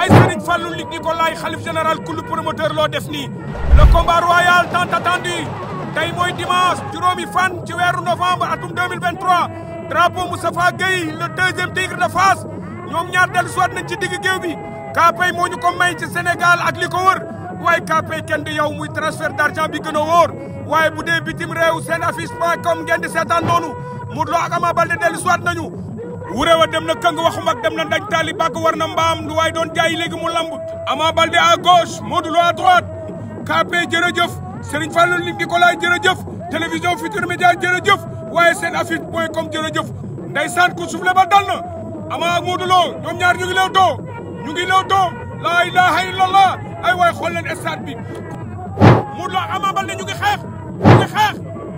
ay Serigne Fallou Luc Nicolaï xalif général kullu promoteur loo def nii le combat royal tant attendu tey mooy dimanche juróomi fan ci weeru novembre atum 2023 drapeau Moustapha Gueye le deuxième tigre de Fass ñoom ñaar dellu soit nañ ci digg géew bi Kaapay moo ñu ko may ci Sénégal ak li ko wër waaye kenn di yow muy transfert d'argent bi gën a wóor waaye bu dee bitim réew seen affiche point com ngeen di seetaan noonu Modou Lo ak Ama Baldé dellu wurewa dem na këng waxu dem na ndañ taali war na mbaam lu waay doon jaay léegi mu lamb Ama Baldé à gauche Modou Lo à droite KP jërëjëf Serigne Fallou Luc Nicolaï jërëjëf télévision Futurs Médias jërëjëf waaye seen affiche point com jërëjëf ndeysaan ku suufle ba dal na Ama ak Modou Lo ñoom ñaar ñu ngi lew too ñu ngi lew too laa ilaha illallah ay waay xool leen stade bi Modou Lo Ama Baldé ñu ngi xeex ñu ngi xeex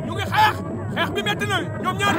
ñu ngi xeex xeex bi métti ñoom ñaar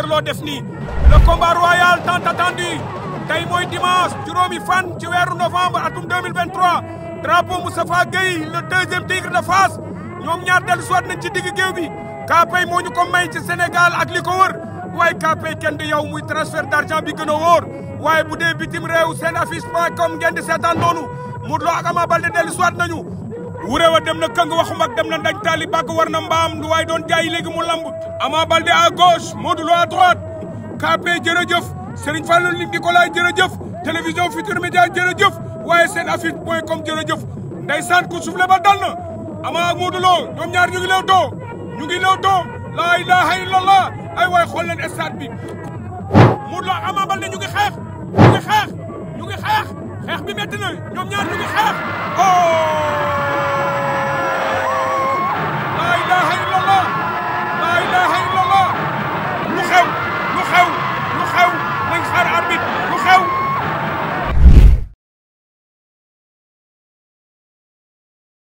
docteur loo def nii le combat royal tant attendu tey mooy dimanche juróomi fan ci weeru novembre atum 2023 drapeau Moustapha Gueye le deuxième tigre de Fass ñoom ñaar dellu suwaat nañ ci digg géew bi Kaapay moo ñu ko may ci Sénégal ak li ko wër waaye Kaapay kenn du yow muy transfert d'argent bi gën a wóor waaye bu dee bitim réew seen affiche point com ngeen di seetaan noonu Modou Lo ak Ama Baldé dellu suwaat nañu wurewa dem na këng waxu dem na ndaj taali bàkk war na mbaam lu waay doon jaay léegi mu lamb Ama Baldé à gauche Modou Lo à droite jërëjëf Serigne Fallou Luc Nicolaï jërëjëf télévision Futurs Médias jërëjëf waaye seen affiche point com jërëjëf ndeysaan ku soufflé ba dal na Ama ak Modou ñoom ñaar ñu ngi leew too ñu ngi leew too laa ilaha illallah ay waay xool leen stade bi Modou Lo Ama Baldé ñu ngi xeex ñu ngi xeex ñu ngi xeex xeex bi métti na ñoom ñaar ñu